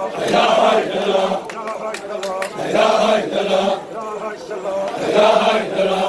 لا اله الا الله